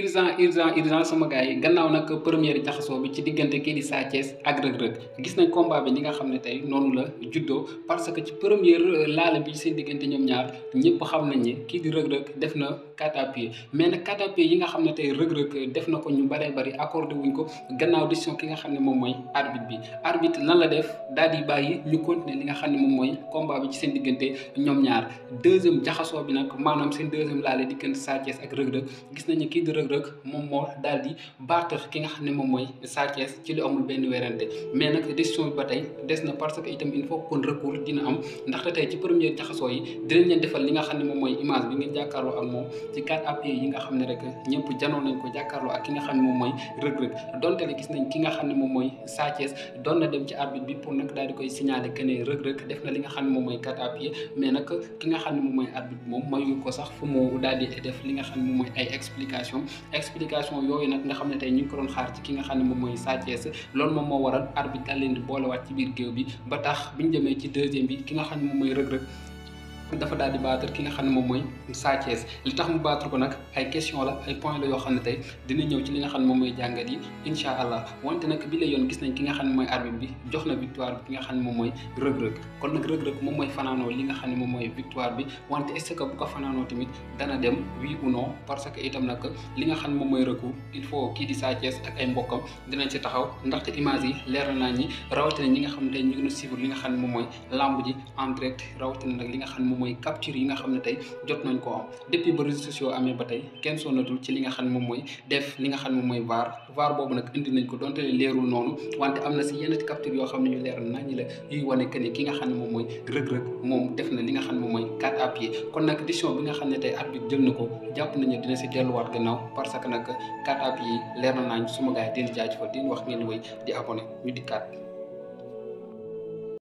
urgent urgent urgent sama gars yi gannaaw nag première jaxasoo bi ci diggante kii di Sa Thiès ak Reug Reug gis nañ ne tey noonu la juddoo parce que ci première laale bi seen diggante ñoom ñaar ñëpp xam nañ ne kii di Reug Reug def na catapie mais nag catapie yi nga xam ne tey Reug Reug def na ko ñu bëree bëri accordé wuñ ko gannaaw décision ki nga xam ne moom mooy arbitre bi la def daal di bàyyi ñu continuer li nga xam ne moom mooy combat bi ci seen diggante ñoom ñaar deuxième jaxasoo bi nag maanaam seen deuxième laale diggante Sa Thiès ak Reug Reug gis nañu kii di rëg-rëg moom moo daal di battre ki nga xam ne moom mooy Sa Thiès ci lu amul benn werante mais nag décision bi ba tey des na parce que itam il faut kon recours dina am ndaxte tey ci première jaxasoo yi dinañ leen defal li nga xam ne moom mooy image bi ngeen jàkkaarloo ak moom ci quatre appuis yi nga xam ne rek ñëpp janoon nañ ko jàkkaarloo ak ki nga xam ne moom mooy rëg-rëg donte le gis nañ ki nga xam ne moom mooy Sa Thiès doon na dem ci arbitre bi pour nag daal di koy signaler que ne rëg-rëg def na li nga xam ne moom mooy quatre appuis mais nag ki nga xam ne moom mooy arbitre moom mayu ko sax fu mu daal di def li nga xam ne moom mooy ay explication explication yooyu nag nga xam ne tey ñu ngi ko doon xaar ci ki nga xam ne moom mooy Sa Thiès loolu moom moo waral arbitre daal leen di boolewaat ci biir géew bi ba tax bi ñu demee ci deuxième bi ki nga xam ne moom mooy rëg-rëg dafa daal di battre ki nga xam ne moom mooy Sa li tax mu battre ko nag ay question la ay point la yoo xam ne tey dina ñëw ci li nga xam ne moom mooy jàngat yi incha allah wante nag bi la yoon gis nañ ki nga xam ne mooy arbitre bi jox na victoire bi ki nga xam ne moom mooy rëg-rëg kon nag rëg-rëg moom mooy fanaanoo li nga xam ne moom mooy victoire bi wante est-ce que bu ko fanaanoo tamit dana dem oui ou non parce que itam nag li nga xam ne moom mooy recours il faut kii Sa Thiès ak ay mbokkam dinañ ci yi leer na ñi rawatina nga xam ne tey ñu moom mooy lamb ji moom mooy capture yi nga xam ne tey jot nañ ko am depuis ba réseaux sociaux amee ba tey kenn sonnatul ci li nga xam ne moom mooy def li nga xam ne moom mooy vaar vaar boobu nag indi nañ ko donte ne leerul noonu am na si yenn capture yoo xam ne ñu leer nañ la yuy wane que ni ki nga xam moom mooy rëg-rëg na li nga ne moom mooy quatre à kon nag décision bi nga xam ne tey at bi jël na ko jàpp nañu dina si delluwaat gannaaw parce que nag quatre à pied yi leer na naañ suma gars yi deen jaajëfal di wax ngeen woy di abonné ñu dikkaat